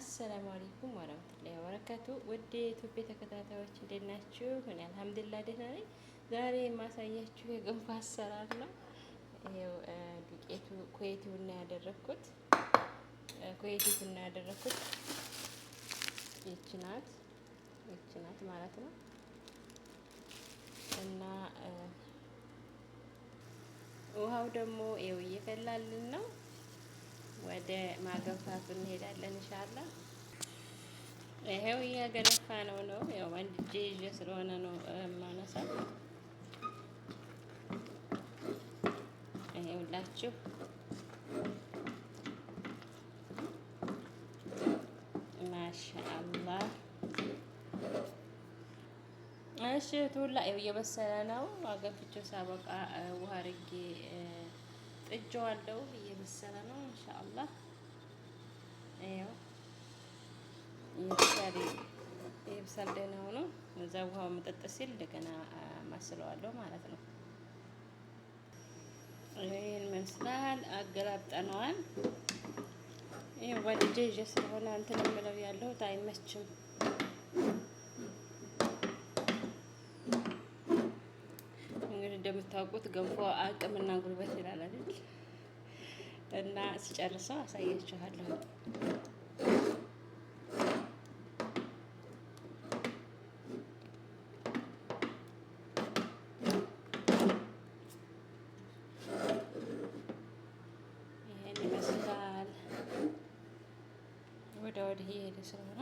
አሰላሙ አለይኩም ወራህመቱላሂ ወበረካቱ። ውድ የኢትዮጵያ ተከታታዮች እንዴት ናችሁ? እኔ አልሐምዱሊላህ ደህና ነኝ። ዛሬ የማሳያችሁ የገንፎ አሰራር ነው። ይኸው ዱቄቱ ኩዌቲ ቡና ያደረኩት ኩዌቲ ቡና ያደረኩት ይቺ ናት ይቺ ናት ማለት ነው እና ውሃው ደግሞ ይኸው እየፈላልን ነው ወደ ማገፋት እንሄዳለን እንሻላ። ይሄው እያገነፋ ነው ነው ያው አንድ እጄ ይዤ ስለሆነ ነው የማነሳው። ይሄውላችሁ ማሻአላህ። እሺ ቱላ ይኸው እየበሰለ ነው። አገፍቼ ሳበቃ ውሃ አድርጌ ጥጄዋለሁ። እየበሰለ ነው። አላ ይኸው ይብሳል ይብሳል ደህና ሆኖ እዛ ውሃው መጠጥ ሲል እንደገና ማስለዋለሁ ማለት ነው። ይህን መስላል አገላብጠነዋል። ይህ ወድጄ ይዤ ስለሆነ እንትን የምለው ያለሁት አይመችም። እንግዲህ እንደምታውቁት ገንፎ አቅምና ጉልበት ይላል አይደል? እና ሲጨርሰው አሳያችኋለሁ። ይህን ይመስላል። ወደ ወዲህ እየሄደ ስለሆነ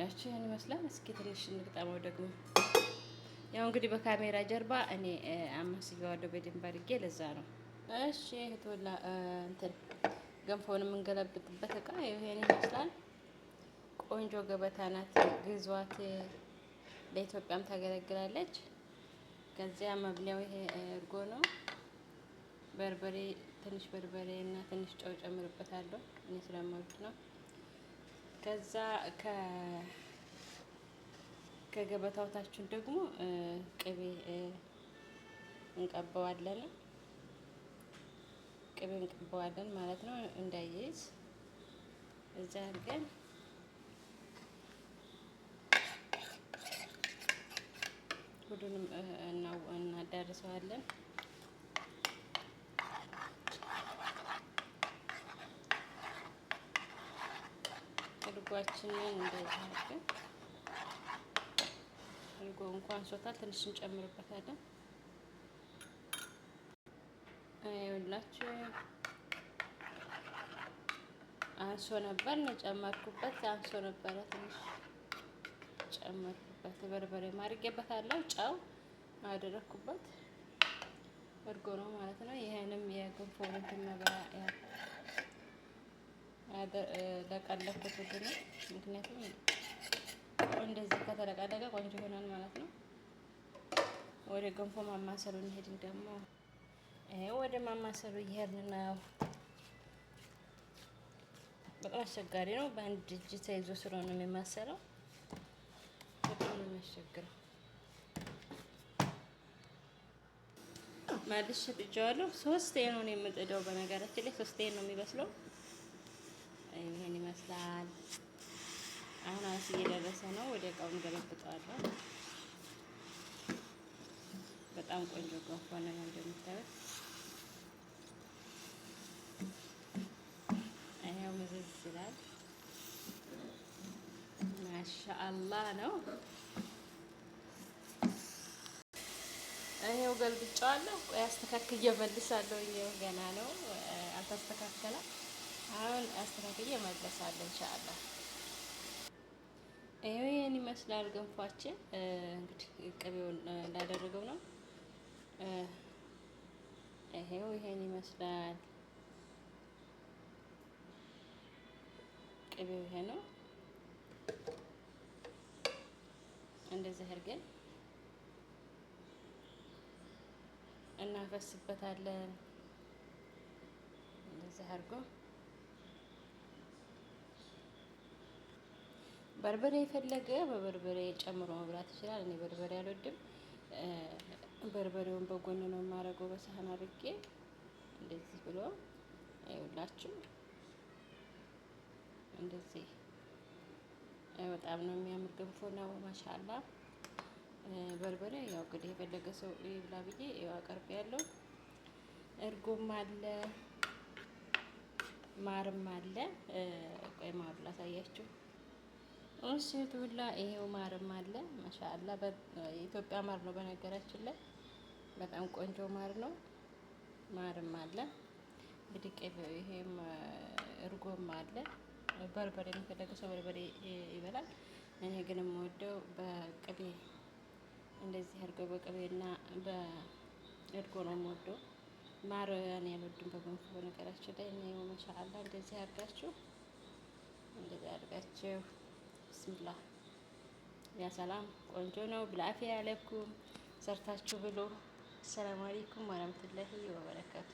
ይኸውላችሁ ይህን ይመስላል። እስኪ ትንሽ እንግጠመው ደግሞ ያው እንግዲህ በካሜራ ጀርባ እኔ አማስያዋለሁ በደንብ አድርጌ። ለዛ ነው እሺ። ህትወላ እንትን ገንፎውን የምንገለብጥበት እቃ ይሄን ይመስላል። ቆንጆ ገበታ ናት፣ ግዟት። ለኢትዮጵያም ታገለግላለች። ከዚያ መብሊያው ይሄ እርጎ ነው። በርበሬ ትንሽ በርበሬ እና ትንሽ ጨው ጨምርበታለሁ። እኔ ስለማወድ ነው ከዛ ከገበታውታችን ደግሞ ቅቤ እንቀበዋለን። ቅቤ እንቀበዋለን ማለት ነው እንዳይይዝ እዛ አድርገን ሁሉንም እናዳርሰዋለን። ምግባችንን እንደዚህ አድርገን አልጎ እንኳን ሶታል ትንሽ እንጨምርበታለን። ይኸውላችሁ አንሶ ነበር ጨመርኩበት። አንሶ ነበረ ትንሽ ጨመርኩበት። በርበሬ ማድርጌበታለሁ። ጨው አደረኩበት። እርጎ ነው ማለት ነው። ይህንም የገንፎ ነገር ለቀለኩት ውድ ምክንያቱም እንደዚህ ከተለቀለቀ ቆንጆ ይሆናል ማለት ነው። ወደ ገንፎ ማማሰሉ እንሄድን ደግሞ ወደ ማማሰሉ እየሄድን ነው። በጣም አስቸጋሪ ነው። በአንድ እጅ ተይዞ ስለሆነ የሚማሰለው በጣም ነው የሚያስቸግረው። ማልሽ ጥጃዋለሁ። ሶስቴ ነው የምጥደው። በነገራችን ላይ ሶስቴ ነው የሚበስለው። ይሆናል። አሁን አውስ እየደረሰ ነው። ወደ እቃውን ገለብጠዋለሁ። በጣም ቆንጆ ገንፎ ነው እንደምታዩት። ይኸው ምዝዝ ይላል። ማሻአላህ ነው። ይሄው ገልብጫዋለሁ። መልሳለሁ። ይሄው ገና ነው አልተስተካከለ አሁን አስተካክዬ እመለሳለሁ ኢንሻአላህ። ይሄን ይመስላል ገንፏችን። እንግዲህ ቅቤውን እንዳደረገው ነው። ይሄው ይሄን ይመስላል ቅቤው ይሄ ነው። እንደዚህ አድርገን እናፈስበታለን። እንደዚህ አድርጎ በርበሬ የፈለገ በበርበሬ ጨምሮ መብላት ይችላል። እኔ በርበሬ አልወድም። በርበሬውን በጎን ነው የማደርገው። በሳህን አድርጌ እንደዚህ ብሎ ይውላችሁ። እንደዚህ በጣም ነው የሚያምር ገንፎ ነው። ማሻላ በርበሬ ያው እንግዲህ የፈለገ ሰው ይብላ ብዬ ያው አቀርብ ያለው እርጎም አለ ማርም አለ። ቆይ ማሩ ላሳያችሁ። እሺ ሁላ ይሄው ማርም አለ ማሻአላ። የኢትዮጵያ ማር ነው በነገራችን ላይ በጣም ቆንጆ ማር ነው። ማርም አለ እንግዲህ ይሄም እርጎም አለ። በርበሬ የሚፈለገ ሰው በርበሬ ይበላል። እኔ ግን የምወደው በቅቤ እንደዚህ አድርገው በቅቤና በእርጎ ነው የምወደው። ማር እኔ አልወድም በገንፎ በነገራችን ላይ። እኔ ማሻአላ እንደዚህ አድርጋችሁ እንደዚህ አድርጋችሁ ብስሚላ ያ ሰላም ቆንጆ ነው። ብላፊያ ያለኩም ሰርታችሁ ብሎ። አሰላሙ አለይኩም ወረህመቱላሂ ወበረካቱ